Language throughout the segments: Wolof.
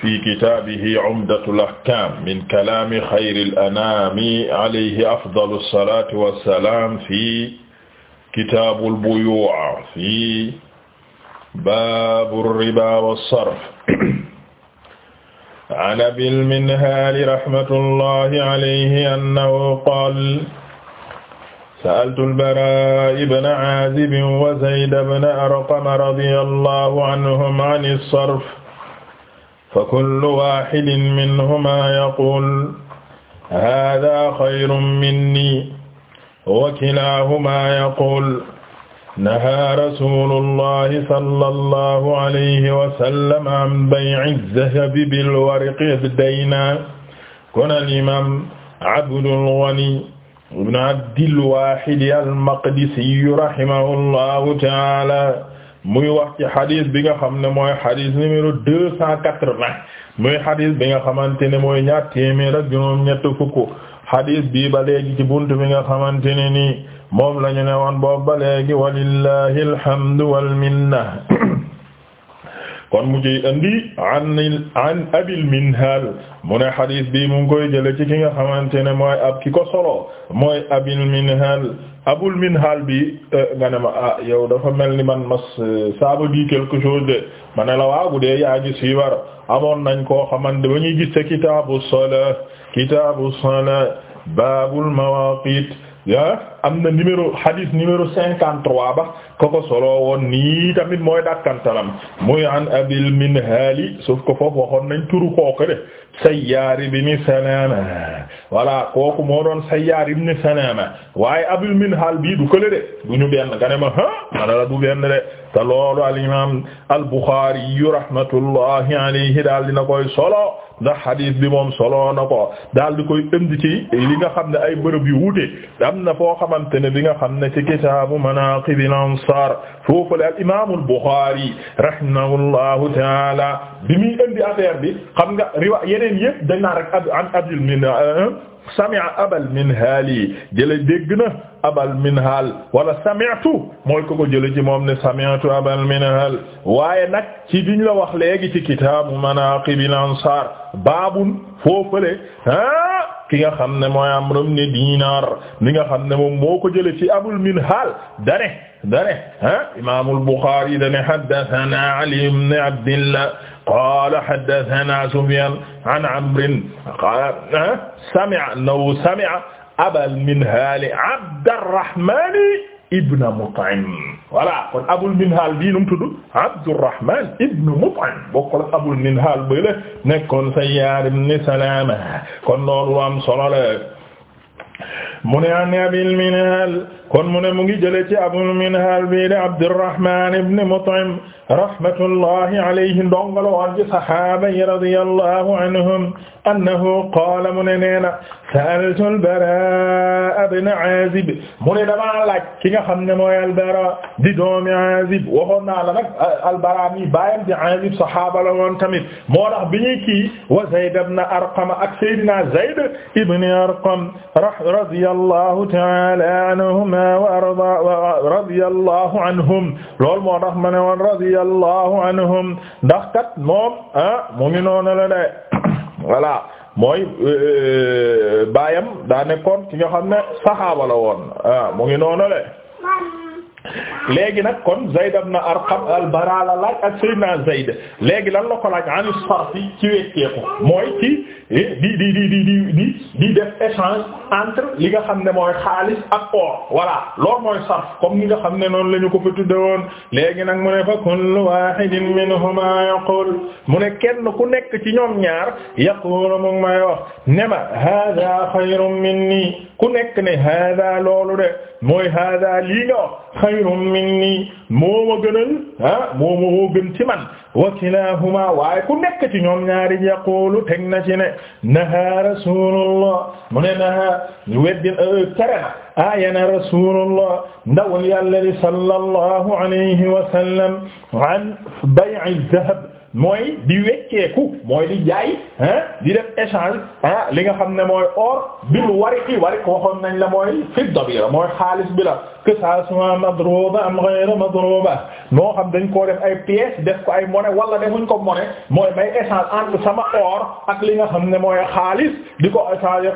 fi kitaabihi Umdatul Ahkaam min kalaami xayril anaami alayhi afdalu salaati wa salaam fi kitaabul buyuu' fi baabur ribaa wa sarf. an Abil Minhaal rahmatullahi alayhi annahu qaala sa'altul Baraa ibna Aazib wa Zayd ibna Arqam radiyallahu anhum ani sarf. fakullu waaxidin minhumaa yaquul haadaa xayrun minnii wa kilaahumaa yaquul nahaa rasuulullaahi sallallaahu alayhi wa sallam an bay'i zahabi bil warqi ad-daynaa kon al-imaam Abdul Ghani ibn Abdil Waahid al-Maqdisi rahimahullaahu ta'aalaa muy ngi wax ci xadis bi nga xam ne mooy xadis numéro deux cent quatre-vingt muy xadis bi nga xamante ne mooy ñaar téeméer ak juróom ñett fukk xadis bi ba léegi ci bunt bi nga xamante ne nii moom la ñu ne woon boobu ba léegi walillahi alhamdu wal minna kon mu ciy andi an an abil minhal mu ne xadis bi mu ngi koy jële ci ki nga xamante ne mooy ab ki ko solo mooy abil minhal abul minhal bi eh, nga ne ma ah yow dafa mel ni man mas saaba eh, bi quelque chose de ma ne la waaw bu dee yaa ngi siiwar amoon nañ koo xamante ba ñuy gis te kitaabu salaa kitaabu salaa baabul mawaaqiit ya am na numéro xadis numéro cinquante-trois ba koko solo woon nii tamit mooy dakkantalam muy an abil minhaali sauf ko foofu waxoon nañ turu kooku de sayyaar ibn salaama walla kooku moo doon sayyaar ibn salaama waaye abil minhaal bii du kële de du ñu benn nga ne ma ha mana la du benn de te loolu al rahmatullahi alayhi daal dina koy solo bi moom solo na ko daal di koy indi ci li nga xam ne ay bërëb yu wuute am na foo xamante ne bi nga xam ne ci kitaabu manaaqibil al-Absar foofale al imam al-Bukhari rahimahullahu taala bi muy indi affaire bi xam nga riwa yeneen yëpp dañ naa rek an abil min euh, euh, sami'a abal minhaali jële dégg na abal minhaal wala sami'tu mooy ko ko jële ci moom ne sami'tu abal minhaal waaye nag ci biñ la wax léegi ci kitaabu manaaqibil ansaar baabun foofale ha ki nga xam ne mooy Amr ibn Dinar mi nga xam ne moom moo ko jële ci Abul Minhal dane dane ah Imaamul Bukhari dane haddathana Ali ibn Abdillah qala haddathana Sufyan an Amrin qala sami'a annahu sami'a Abal Minhal Abdurrahman ibn Mut'im voilà kon Abul Minhal bii nu mu tudd Abdurrahman ibn Mut'im bokkul ak Abul Minhal bële nekkoon Sayyaar ibn Salama kon loolu am solo la mu ne an Abil Minhal kon mu ne mu ngi jëlee ci abul minhal bi de abdurrahman ibn mut'im rahmatullahi alayhi ndongala woon ci sahaaba yi radiyallahu anhum annahu qaala mu ne nee na sa'altu al-baraa ibn aazib mu ne damaa laaj ki nga xam ne mooy al-baraa di doomi aazib waxoon naa la nag al-baraa mi baayam di aazib sahaaba la woon tamit moo tax bi ñuy kii wa zayd ibn arqam ak sayyidina zayd ibn arqam radiyallahu ta'ala anhum anhuma wa arda radiyallahu anhum loolu moo tax ma ne woon radiyallahu anhum ndax kat moom ah mu ngi noonu la de voilà mooy euh, euh, baayam daa nekkoon ki nga xam ne saxaaba la woon ah mu ngi noonu la léegi nag kon Zayd ibn Arqam al-Bara la laaj ak Seydina Zayd léegi lan la ko laaj an sarfi ci wecceeku mooy ci Eh, di di di di di di def échange entre li nga xam ne mooy xaalis ak or voilà loolu mooy sarf comme ni nga xam ne noonu la ñu ko fa tudde woon léegi nag mu ne fa kullu wahidin minhuma yaqul mu ne kenn ku nekk ci ñoom ñaar yaqulu mu ngi may wax ne ma hada xayrun minni ku nekk ne hada loolu de mooy hada lii nga minni moo ma gënal ah moo ma woo gën ci man wa kilahuma waaye ku nekk ci ñoom ñaari yaqulu teg na ci ne naha rasulullah mu ne naha weddin karana euh, ayana rasulullah ndawal yàlla li sallallahu alayhi wa sallam an bay'i dhahab mooy di wecceeku mooy di jaay ah di def échange ah li nga xam ne mooy or bil wariqi wariq waxoon nañ la mooy fidda bi la mooy xaalis bi la que ça soit am ghayra madruba moo xam dañ koo def ay pièces def ko ay monnaie wala defuñ ko monnaie mooy may échange entre sama or ak li nga xam ne mooy xaalis di ko échange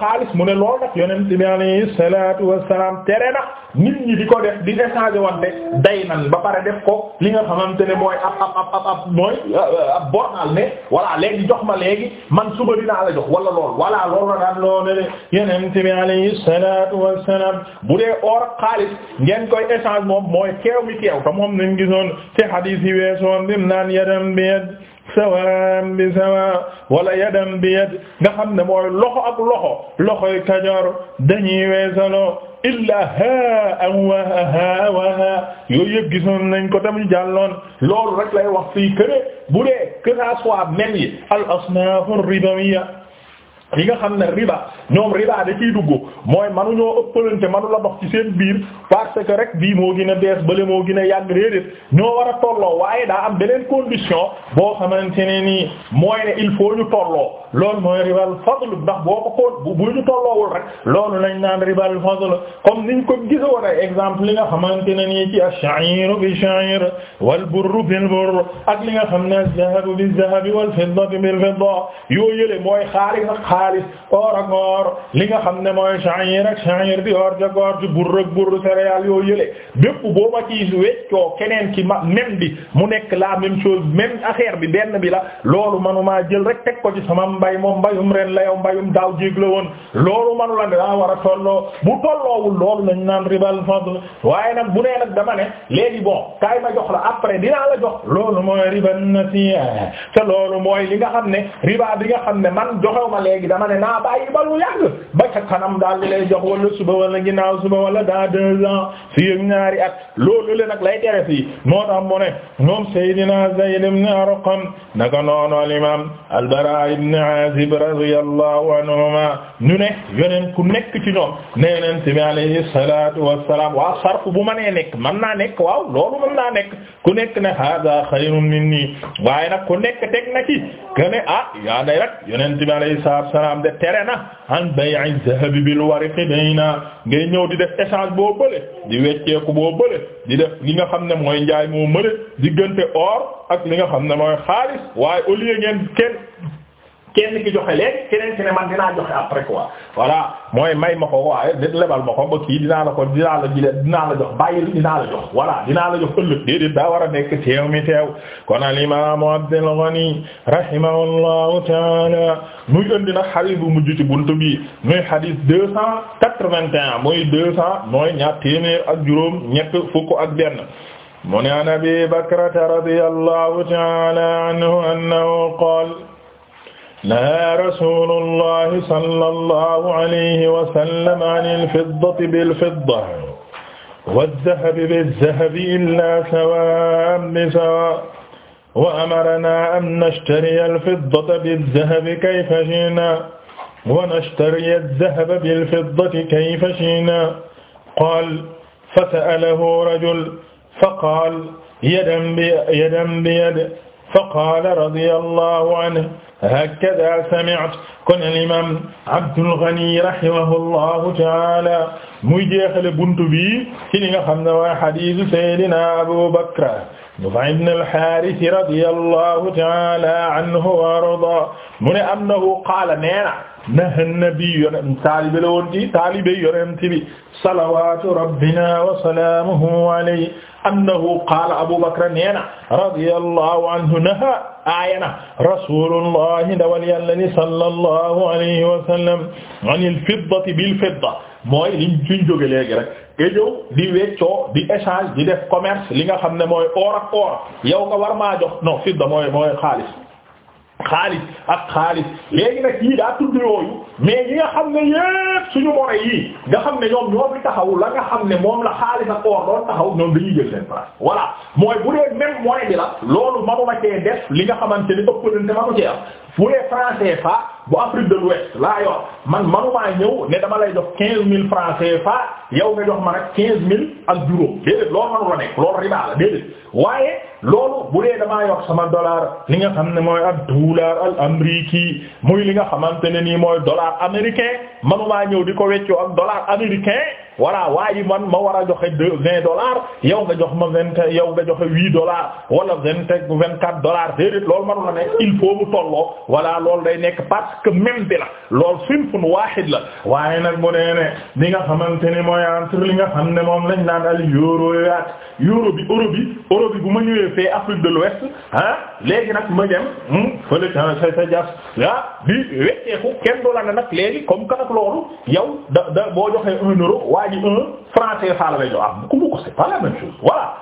xaalis mu ne lool nag yonent bi alayhi salaatu wassalaam tere na nit ñi di ko def di échange wante day nan ba pare def ko li nga xamante ne mooy ab ab ab ab mooy euh, ab bornaal ne voilà léegi jox ma léegi man suba dinaa la jox wala lool voilà loolu la daan loo ne de yonent bi alayhi salaatu wassalaam bu dee or ab xaalis ngeen koy moom mooy keew mi keew te moom nañ gisoon ci hadith yi weesoon bim naan yaram bi yad sawam bi sawa wala yadam bi yad xam ne mooy loxo ak loxo loxoy kajoor dañuy weesaloo illaa ha am wa ha wa ha yooyu yëpp gisoon nañ ko tamit jàlloon loolu rek lay wax fii këne bu dee que al asnaf yi nga xam ne riba ñoom riba da ciy dugg mooy manuñoo ëppalante manu la dox ci seen biir parce que moo gën a bees bële moo gën a yàgg réedéet ñoo war a tolloo waaye daa am beneen condition boo xamante ne nii mooy ne il faut ñu tolloo loolu mooy ribal fadl ndax boo ko ko bu ñu tolloowul rek loolu lañ naan ribal fadl comme niñ ko gisa woon ay exemple li nga xamante ne nii ci ash-sha'iru bi sha'ir wal burru bil burr ak li nga xam ne az wal fiddatu bil fidda xaalis or ak or li nga xam ne mooy sha'ir ak sha'ir di or jag or ci burr ak burr céréales yoo yële bépp booba ci weccoo keneen ci ma même bi mu nekk la même chose même affaire bi benn bi la loolu manuma jël rek teg ko ci sama mbay moom mbayum ren la yow mbayum daaw jéeg la woon loolu manu la ne daa war a tolloo bu tolloowul loolu nañ naan ribal fadl waaye nag bu nee nag dama ne léegi bon kaay ma jox la après dinaa la jox loolu mooy riban nasiya te loolu mooy li nga xam ne riba bi nga xam ne man joxew ma léegi dama ne naa bàyyi ba lu yàgg ba ca kanam daal di lay jox wala suba wala ginnaaw suba wala dans deux ans fii ak ñaari at loolu le nag lay tere fii moo tax mu ne moom Seydina Zayd ibn Arqam naka noonu al imam al-Bara ibn Azib radiyallahu anhuma ñu ne yeneen ku nekk ci ñoom nee neen ci bi alayhi salatu wassalam waaw sarf bu ma nee nekk man naa nekk waaw loolu mën naa nekk ku nekk ne hada xayrun minni waaye nag ku nekk teg na ci que ne ah yaa day rek yeneen ci bi alayhi salatu salaam de tere na an bay'i zahabi bil wariqi naa ngay ñëw di def échange boo bële di wecceeku boo bële di def li nga xam ne mooy njaay moo mëne li nga xam ne mooy xaalis waaye au lieu ngeen kenn kenn ki may ma ko waaye di lebal ma la ko dinaa la jile dinaa la jox bàyyil dinaa la la jox ëllëg déedéet daa war a nekk teew mi teew kon al imaamu Abdul Ghani rahimahullahu taala muy indi nag xadis bu mujj ci buntu bi muy xadis deux cent quatre-vingt-un muy deux cent mooy ñaar téeméer ak juróom ñett fukk ak benn mu ne an abi bakrata radiyallahu ta'ala anhu annahu qaala nahaa rasuulullahi sallallahu alayhi wa sallam anil fiddati bil fiddati waz zahabi biz zahabi illaa sawaa'an bi sawaa' wa amaranaa an nashtariya al-fiddata bi-z-zahabi kayfa shi'naa wa nashtariya az-zahaba bil-fiddati kayfa shi'naa qaala fasa'alahu rajulun faqaala yadan bi yad faqaala radiyallahu anhu hakada sami'tu kon al-imaam Abdul Ghani rahimahullahu ta'aala muy jeexale buntu bi ci li nga xam ne waa hadiisu Seydina Abu Bakr ibn al-Haaris radiyallahu ta'aala anhu wa ardaa mu ne annahu qaala neena naha nabi yonen taalibe la woon ci taalibe yonent bi salawatu rabbina wa salaamuhu alayhi annahu qaala Abu Bakr neena radiyallahu anhu naha aayana rasulullahi ndawal yàlla ni sallallahu alayhi wa sallam anil fiddati bil fidda mooy liñ suñ jóge léegi rek nga ñëw di weccoo di échange di def commerce li nga xam ne mooy or ak or yow nga war maa jox non fidda mooy mooy xaalis xaalis ak xaalis léegi nag yii daa tudd yooyu mais yi nga xam ne yépp suñu more yii nga xam ne ñoom ñoo fi taxawul la nga xam ne moom la xaalis ak or doon taxaw ñoom dañuy jël seen place voilà mooy bu dee même mooy bi la loolu manuma cee def li nga xamante ni ëpp na te manu cee am fu dee franc CFA bu Afrique de l'Ouest laa yor man manumaa ñëw ne dama lay jox quinze mille franc CFA yow nga jox ma nag quinze ak juróom déedéet loolu manu la nekk loolu riba déedéet waaye loolu bu dee damaa yor sama dollar li nga xam ne mooy ab dollar al amriki muy li nga xamante ne nii mooy dollar américain manumaa ñëw di ko weccoo ak dollar américain voilà waaye man ma war a joxe deux vingt dollars yow nga jox ma vingt yow nga joxe huit dollars wala vingt vingt quatre dollars déedéet loolu manu la ne il faut mu tolloo voilà loolu day nekk parce que même bi la loolu sinfun waahid la waaye nag mu nee ne li nga xamante ni mooy entre li nga xam ne moom lañ naan al euro yaat euro bi euro bi euro bi bu ma ñëwee fee Afrique de l'Ouest ah léegi nag ma dem hmm, fële ca sa sa jas ah bi wecceeku kenn du la nag léegi comme que nag loolu yow da da boo joxee waa ji un français fa la am ah, ku mu ko c'est pas la même chose voilà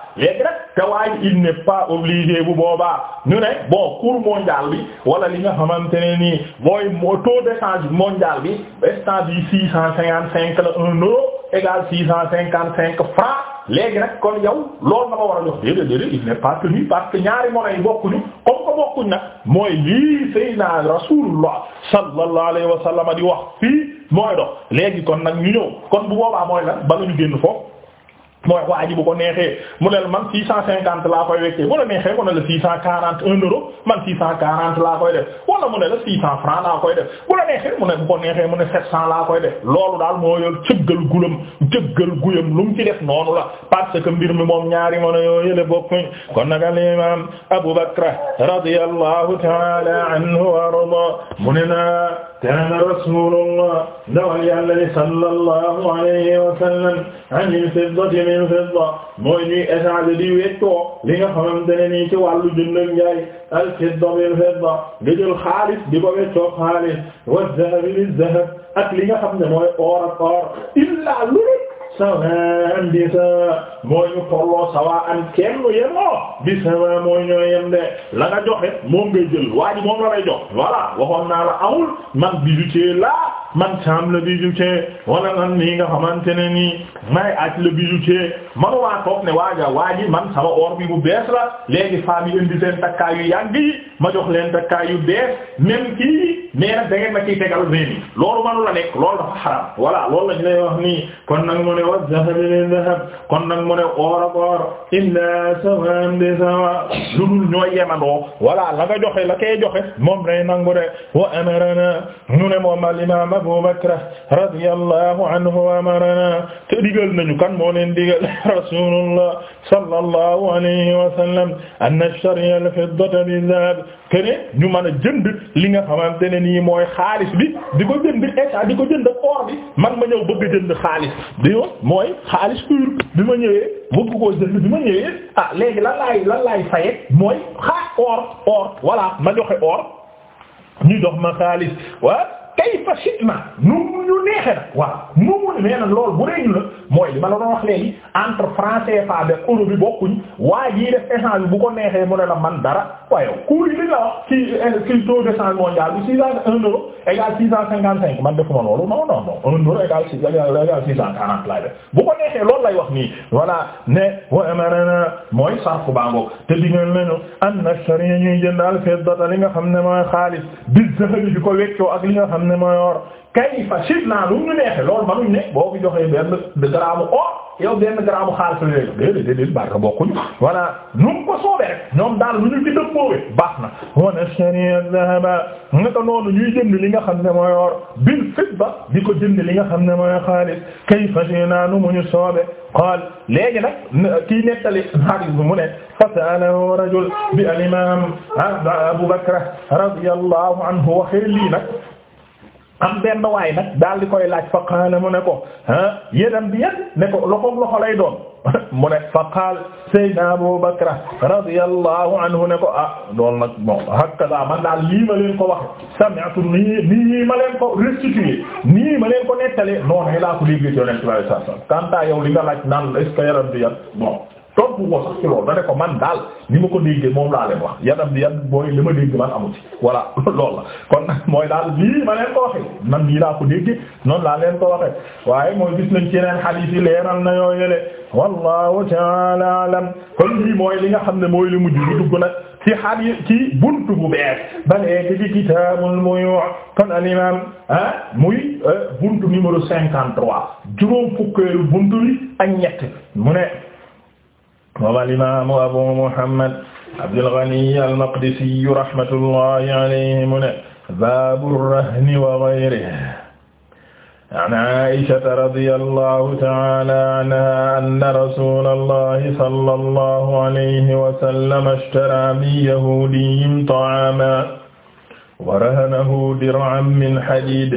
te waa ji il n'est pas obligé bu boobaa ñu ne boo cours mondial bi wala li nga xamante ne nii mooy taux d'échange mondial bi instant bi six cent cinquante cinq la un euro égal cinquante cinq francs léegi nag kon yow loolu na ma war a jox déedéet déedéet il pas tenu parce que ñaari monnaie yi bokkuñu comme que bokkuñ nag mooy lii Seydina Rasulullah sallallahu alayhi wa di wax fii mooy dox léegi kon nag ñu ñëw kon bu boobaa mooy la bala ñu génn foofu mooy waa ji bu ko neexee mu ne man 650 laa koy wekkee bu la neexee mu ne la 640 1 euro man 640 laa koy def wala mu ne la 600 francs laa koy def bu la neexee mu ne bu ko neexee mu ne 700 laa koy def loolu daal moo yor cëggal gulam cëggal guyam lu mu def noonu la parce que mbir mi moom ñaari mën a yoo yële ko kon nag al imam Abu Bakr radiyallahu ta'ala anhu wa arda mu ne na kana rasulullah dawal yàlla sallallahu alayhi yeneen fidda mooy ñuy échanger di weccoo li nga xamante ne nii ci wàllu jënd ak njaay al fidda bil fidda nga jël xaalis di ko weccoo xaalis wa dhahab bil dhahab ak li nga xam ne mooy or ak or illa sawaan bi sa mooy ñu tolloo sawaan kenn yemoo bi sawa mooy ñoo yem de la nga joxe moom ngay jël waa moom la lay jox voilà waxoon naa la amul man bijoutier laa man saam la bijoutier wala nan nii nga xamante ne nii may aj la bijoutier man waa toog ne waaja waa man sama or bi bu bees la léegi femme yi indi seen takkaay yu yàgg yi ma jox leen takkaay yu bees même kii mais nag da ngeen ma ciy tegal vingt mille loolu manu la nekk loolu dafa xaram voilà loolu la ñu lay wax nii kon nag mu ne wa zahab bil zahab kon nag mu ne oor ak oor illa sawaan bi sawa lu dul ñooy yemandoo voilà la nga joxe la koy joxe moom day nangu de wa amarana ñu ne moom al imam Abu Bakr radiyallahu anhu amarana te digal nañu kan moo leen digal rasulullah sallallahu alayhi wa sallam an nashri al fiddata bi zahab kene ñu mën a jënd li nga xamante ne ne nii mooy xaalis bi di ko jënd état di ko jënd or bi man ma ñëw bëgg jënd xaalis di mooy xaalis pur bi ma ñëwee bëgg koo jënd bi ma ñëwee ah léegi lan laay lan laay faye mooy xaa or or voilà ma joxe or ñu jox ma xaalis wa kayfa shitna nu ñu neexee nag waaw nu mu na loolu bu ma la doon wax léegi entre français bu ko neexee mu ne la man dara waaye cours yi li la wax ci ci taux de change mondial bi six cent un euro égal six bu ko neexee lay wax nii voilà ne wa amarana mooy sarfu baango te digal nañu an nashtari ñuy jëndal nga xam ne mooy xaalis bi zahabi di ko weccoo ak li nga xam ne ma yor kayfa shitna lu ñu neexe loolu manuñ ne boo ko joxee benn gramme or yow benn gramme xaalis la léegi déedéet déedéet barka bokkuñu voilà nu mu ko soobee rek ñoom daal lu ñu ci dëppoowe baax na wana sharia dhahaba naka noonu ñuy jënd li nga xam ne mooy or bil fidda di ko jënd li nga xam ne mooy xaalis kayfa shitna nu mu ñu soobe qaal léegi nag kii nettali hadith bi mu ne fasalahu rajul bi al imam Abu Bakr radiyallahu anhu waxe lii nag am benn waay nag daal di koy laaj fa qaala mu ne ko ah yéenam bi ne ko loxoog loxo lay doon mu ne fa qaal Seydina Abu Bakra radiyallahu anhu ne ko ah loolu nag bon hakaza man daal lii ma leen ko wax sami'tu nii nii ma leen ko restitué nii ma leen ko nettalee noonu laa ko dégg Yonent bi sallallahu alayhi wasallam kanta yow li nga laaj naan est-ce que yaram tontu ko sax ci loolu da ko man daal li ma ko déggee moom laa leen wax yadam bi yan booy li ma dégg man amu ci voilà loolu la kon mooy daal lii ma leen ko waxee man lii laa ko déggee noonu laa leen ko waxee waaye mooy gis nañ ci yeneen hadith yi leeral na yoo yële wallahu ta'ala alam kon lii mooy li nga xam ne mooy li mu bi dugg nag ci hadith ci buntu bu bees ba léegi ci kitaabul muyu' kon al imam ah muy euh, buntu numéro cinquante trois juróom fukkeelu buntu bi ak ñett moom alimaamu abu muhammad abdul ghani al maqdisi rahmatullahi alayhi mu ne baabu rahni wa ghayrihi an aishata radi allahu taala anha anna rasula allahi sala allahu alayhi wasallam ashtara min yahudiyin ta'aaman wa rahanahu dir'an min hadid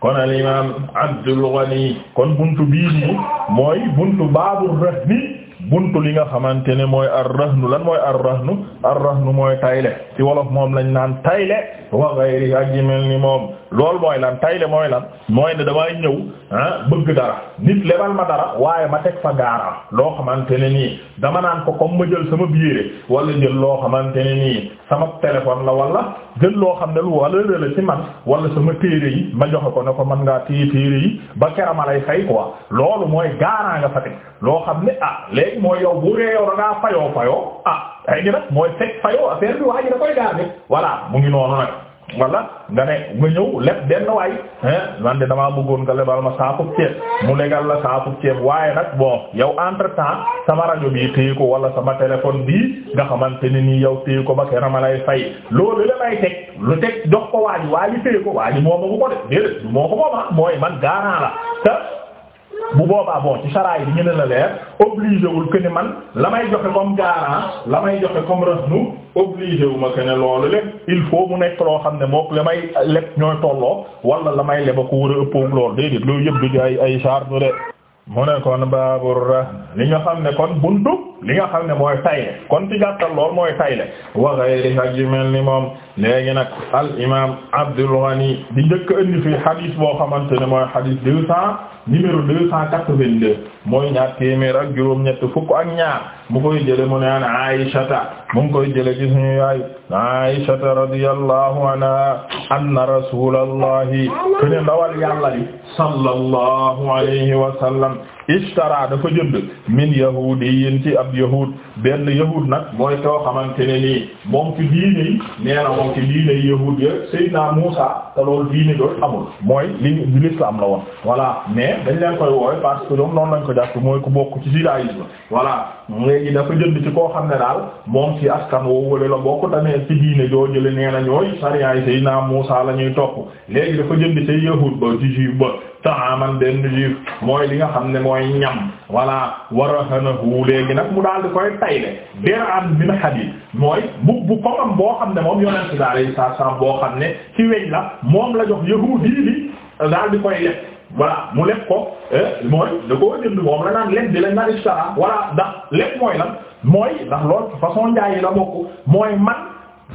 kon al imam Abdul Ghani kon buntu bii nii mooy buntu baabu rahni buntu li nga xamante ne mooy ar-rahnu lan mooy ar-rahnu ar-rahnu mooy tayle ci wolof moom lañ naan tayle wa ghayri ak jimel ni moom loolu mooy lan tayle mooy lan mooy ne damay ñëw ah bëgg dara nit lebal ma dara waaye ma teg fa gaara loo xamante ne nii dama naan ko comme ma jël sama biire wala jël loo xamante ne nii sama téléphone la walla jël loo xam ne lu wala la ci man wala sama téere yi ma joxe ko na ko man ngaa téye téere yi ba kera ma lay fay quoi loolu mooy gaaraa nga fa teg loo xam ne ah léegi mooy yow bu dee yow ngaa fayoo fayoo ah léegi nag mooy teg fayoo affaire mu ngi wala nga ne nga ñëw leb benn waay man de damaa bëggoon nga lebal ma saaku ceeb mu legal la saaku ceeb waaye nag bon yow entre sama rajo bi téye ko wala sama téléphone bii nga xamante ni nii yow téye ko ba kera ma lay fay loolu la may teg lu teg jox ko waaji waaji téye ko waaji mooma bu ko de déedéet moo ko mooma mooy man gaanaa la bu boobaa bon ci saraay bi ñu ne la leer obligé wul que ne man la may joxe comme garant la may joxe comme rëhnu obligé wu ma que ne loolu lépp il faut mu nekk loo xam ne mook la may leb ñooy tolloo wala la may leba ko war a ëppoog loolu déedéet loolu yëpp du ay ay charge de mu ne kon baabur ra li nga xam ne kon buntu li nga xam ne mooy tayle kon ci gàttal mooy tayle wa ghayri ak yu ni moom léegi nag al imam Abdul Ghani di njëkk indi fi hadith ne mooy hadith deux cent numéro deux cent quatre-vingt-deux mooy ñaar ak juróom-ñett fukk ak ñaar mu koy jële mu ne an Aishata mu ngi koy jële ci suñu yaay Aishata radiyallahu anha anna rasulallahi kene ndawal yàlla li sallallahu alayhi wa sallam ishtara dafa jënd min yahudiyin ci ab yahud benn yahud nag mooy koo xamante ne nii moom ci diine yi nee na moom ci diine yi yahud ya Seydina Muusa te loolu diine doon amul mooy li l'islam la woon voilà mais dañ leen koy woowe parce que ñoom noonu lañ ko jàpp mooy ku bokk ci judaïsme voilà léegi dafa jënd ci koo xam ne daal moom ci askan woowu la bokk tamit ci diine jooju la nee na ñooy sariyaay Seydina Muusa la ñuy topp léegi dafa jënd taaman man jiif mooy li nga xam ne mooy ñam walla warahanahu léegi nag mu daal di koy tayle dir'an min hadid mooy bu bu kolam boo xam ne moom yonent bi alayhi salaam boo xam ne ci weñ la moom la jox yahuudi bi daal di koy lekk voilà mu lekk ko eh, mooy da koo jënd moom la naan lekk di la naan ishtara voilà ndax lekk mooy lan mooy ndax loolu façon njaay la bokk mooy man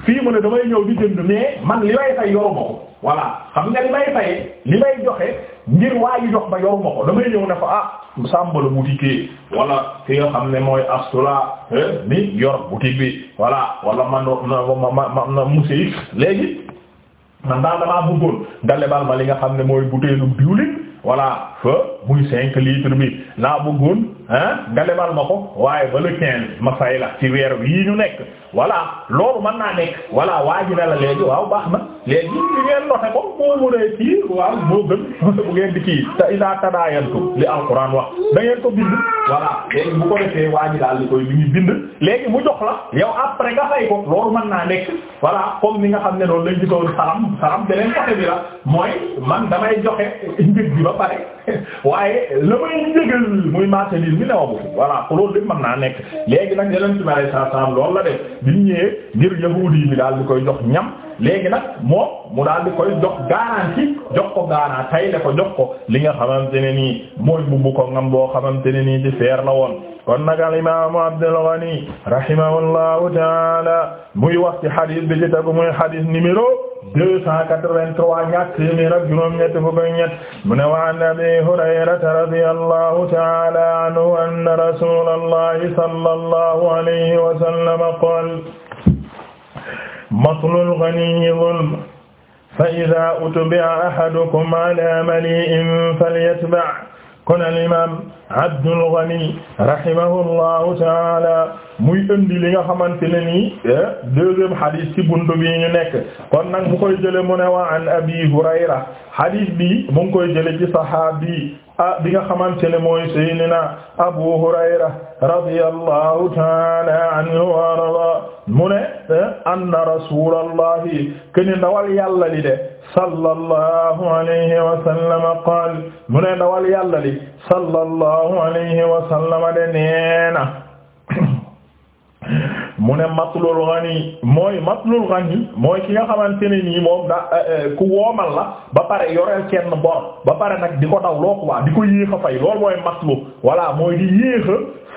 fii mu ne damay ñëw di jënd mais man li may fay yoruma ko voilà xam nga joxe. ngir waayu jox ba yoruma ko damay ñëw ne ko ah sàmbala boutique yi wala ki nga xam ne mooy astula ni eh, yor boutique bi voilà wala man ma ma ma monsieur léegi man daal damaa bëggoon nga lebal ma li nga xam ne mooy butéelu diwlin voilà fa muy cinq litres bi laa bëggoon ah nga lebal ma ko waaye ba le quinze ma fay la ci weer yii ñu nekk voilà loolu mën naa nekk voilà waa ji ne la léegi waaw baax na léegi ngeen noté ko moo mën a waaw moo gën bu ngeen di kii te ila tadaayantu li alquran wax da ngeen ko bind voilà léegi bu ko defee waa ji li koy bind léegi mu jox la yow après nga fay ko loolu mën naa nekk voilà comme ni nga xam ne loolu lañ ci doon salam salam beneen côté bi la mooy man damay joxe njëg bi ba mi newamu fi voilà ko loolu lépp mën naa nekk léegi nag yeneen bi alei saatu la def bi ñu ngir yahuudi bi daal di koy jox ñam léegi nag moom mu daal di koy jox garantie jox ko garantie tay le ko jox ko li nga xamante ne nii mooy bubbu ko ngam boo xamante ne nii ci feer la woon kon nag al imaamu Abdul Ghani rahimahullahu taala muy wax ci hadith bi ci tegu muy hadith numéro deux cent quatre-vingt-trois ñaar téeméer ak juróom-ñett fukk ak ñett mu ne wa an Abi Hurayrata radiyallahu ta'ala anhu anna rasulallahi sallallahu alayhi wa sallam qaala matlul ghaniyyi zulm fa idha utbi'a ahadukum ala mali'in falyatba' kon al imam Abdul Ghani rahimahullahu taala muy indi li nga xamante ne nii eh, deuxième hadith ci buntu bi ñu nekk kon nag mu koy jële mu ne waa an Abi Hurayra hadith bi mu ngi koy jële ci sahabi ah bi nga xamante ne mooy Seydina Abu Hurayra radiyallahu taala anhu wa arda mu ne anna rasulallahi kene ndawal yàlla li de sallallahu alayhi wa qaal mu ne ndawal yàlla li sallallahu alayhi wa sallam de neena mu ne matlul ghani mooy matlul ghani mooy ki nga xamante ne nii moom da eh, eh, ku woomal la ba pare yoreel kenn bor ba pare nag di ko daw waa di ko yéex a fay loolu mooy matlu voilà mooy di yéex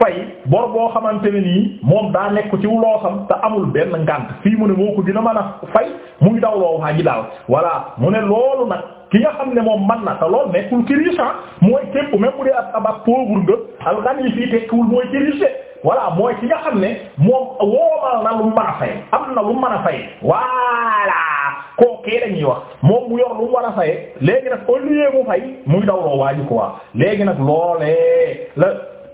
fay bor xamante ne nii moom daa nekk ci xam te amul benn ngànt fii mu ne moo ko dina mën a fay muy dawloo waa ji daal voilà mu ne loolu nag ki nga xam ne moom man na te loolu nekkul ci riche ah, mooy képp même bu dee ab ab ab pauvre nga alxani fii tekkiwul mooy ci riche voilà mooy nga xam ne moom woomal na mu mën a fay am na mu mën a fay voilà kookee dañuy wax moom mu yor lu mu war a fay léegi mu fay muy dawloo waa ji quoi léegi nag loolee la.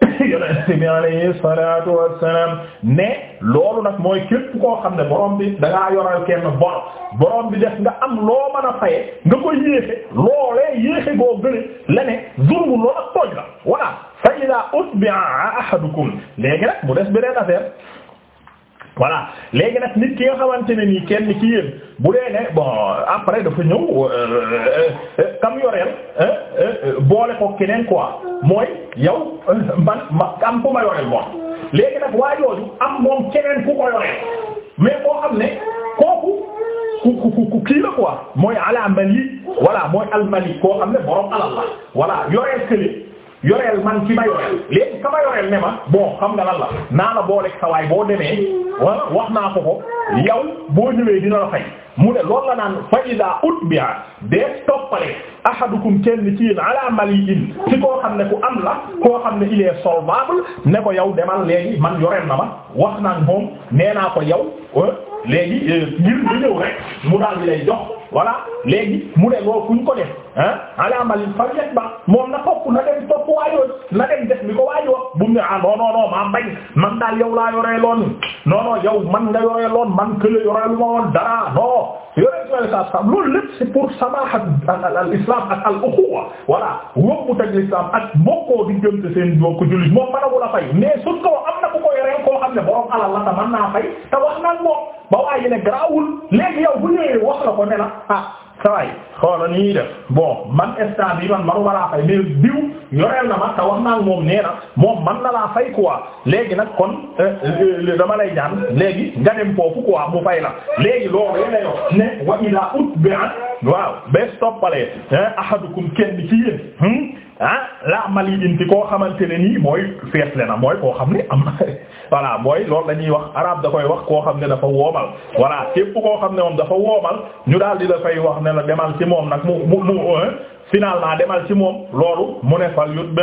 yonent bi alayhi salaatu wassalaam ne loolu nag mooy képp koo xam ne borom bi da ngaa yoral kenn bor borom bi def nga am loo mën a faye nga koy yéexe loolee yéexe goo gële la ne zulmu loolu ak tooj la voilà fa idaa utbi'a ahadukum léegi nag mu des beneen affaire voilà léegi nag nit ki nga xamante ne nii kenn ki yéen bu dee ne bon après dafa ñëw euh, euh, euh, kam yoreel boole ko keneen quoi mooy yow man ma am yoreel moom léegi nag waa jooju am moom keneen ku ko yoreel mais koo xam ne kooku ku ku ku kii la quoi mooy ala mali voilà mooy almali koo xam ne borom alal la yoreel kële yoreel man ci ma yoreel léegi ka ma yoreel ne ma bon xam nga lan la naa la booleeg sa waay boo demee wax naa ko ko yow boo ñëwee dina la fay mu ne loolu la naan fa ida utbi'a dee toppale ahadukum kenn ci yéen ala mali'in ci koo xam ne ku am la koo xam ne il est solvable ne ko yow demal léegi man yoreel na ma wax naan moom nee naa ko yow euh, léegi euh, ngir di ñëw mu daal di jox voilà léegi mu ne loolu fu ko def ah alaamalil fariet ba moom na topp na dem topp waajooj na dem ne ah non non non man daal yow laa yoree loon non non yow man nga yoree loon man kële yoree lu ma woon dara non yoree sl sa sam loolu lépp c'est pour samahat al islam ak al ukhuwa voilà wóbbu tag l'islam ak bokkoo diggante fay mais suñ ko am na ku ko yoree koo xam ne borom alal la ta mën naa fay te wax naan ba waaye ne garaawul léegi yow bu ñëwee wax ko ne ah saway xoola nii def bon man instant bi man ma laa fay mais diw yoreel na ma te wax naa moom nee na moom man na laa fay quoi léegi nag kon euh, euh, dama lay ñaan léegi nga dem foofu quoi mu fay la léegi loolu yene yo ne wa ila utbi'at waaw bes toppalee ahadukum kenn ci yéen hmm? ah la mali inti koo xamante ne nii mooy feesle na mooy koo xam ne am na voilà booy loolu la ñuy wax arab da koy wax koo xam ne dafa woomal voilà képp koo xam ne moom dafa woomal ñu daal di la fay wax ne la demal ci moom nag mu mu mu finalement demal ci moom loolu mu ne fal yut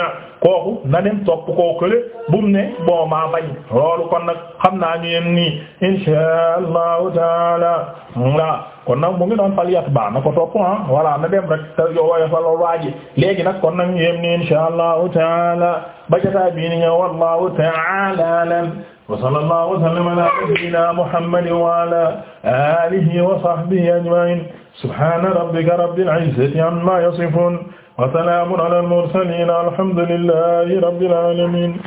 kooku na dem topp koo kële bu mu ne boo maa bañ loolu kon nag xam naa ñu yem nii insha allahu taala voilà kon nag mu ngi doon fal yat baa na ko topp ah voilà na dem rek te yow waaye fa lool waaji léegi nag kon nag ñu yem nii insha allahu taala ba jotaay bii ni ñëw wallahu taala alam wa sallallahu wa sallama ala nabiyyina muhammadin wa ala alihi wa sahbihi ajma'in subhaana rabbika rabbil izzati amma yasifun wa salaamun alal mursaliin alhamdulillahi rabbil aalamiin